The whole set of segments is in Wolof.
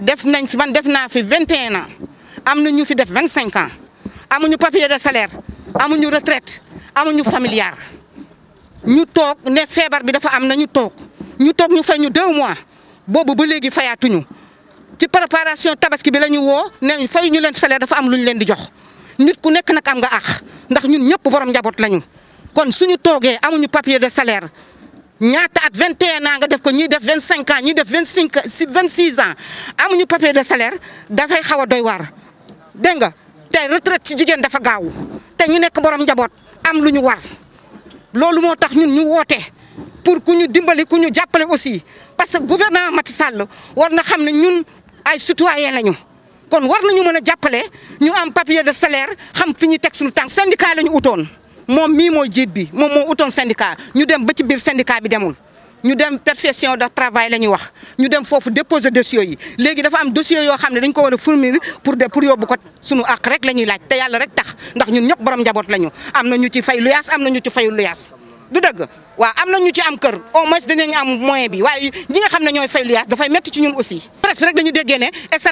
def nañ fi man def naa fi vingt 21 ans am na ñu fi def 25 ans amuñu papier de salaire amuñu retraite amuñu familiar ñu toog ne feebar bi dafa am na ñu toog ñu toog ñu fay ñu deux mois boobu ba léegi fayaatuñu ci préparation tabaski bi la ñu woo ne fay ñu leen salaire dafa am lu ñu leen di jox nit ku nekk nag am nga ax ndax ñun ñëpp borom njaboot lañu kon suñu toogee amuñu papier de salaire. ñaata at 21 ans nga def 25 ans ñi def 25 26 ans amuñu papier de salaire da fay a doy war dégg nga tay retraite ci jigéen dafa gaaw te ñu nek borom am lu war tax ñun ñu pour ku dimbali ku jappalé aussi parce que gouvernement Macky Sall war na xam des ñun ay citoyen war nañu mëna ñu am papier de salaire xam fiñu tek suñu mon mi moo mon mon moom syndicat ñu dem ba ci syndicat bi demul ñu dem perfection de travail la wax ñu dem fofu déposer dossier yi légui dafa am dossier yo xam dañ ko war fournir pour de pour yóbbu ko sunu àq rek lañuy laaj te yalla rek tax ndax ñun ñep borom lañu amna ñu ci fay am ñu ci fayul luyaas du wa am ñu ci am kër au moins dinañ am moyen bi waaye ñi nga xam ne ñooy fay da fay metti ci ñun aussi presque rek dañu déggee ne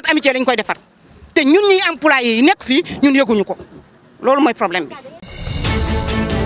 amitié lañ koy defar te ñun ñuy employé yi nek fi ñun yeguñu ko problème Thank you.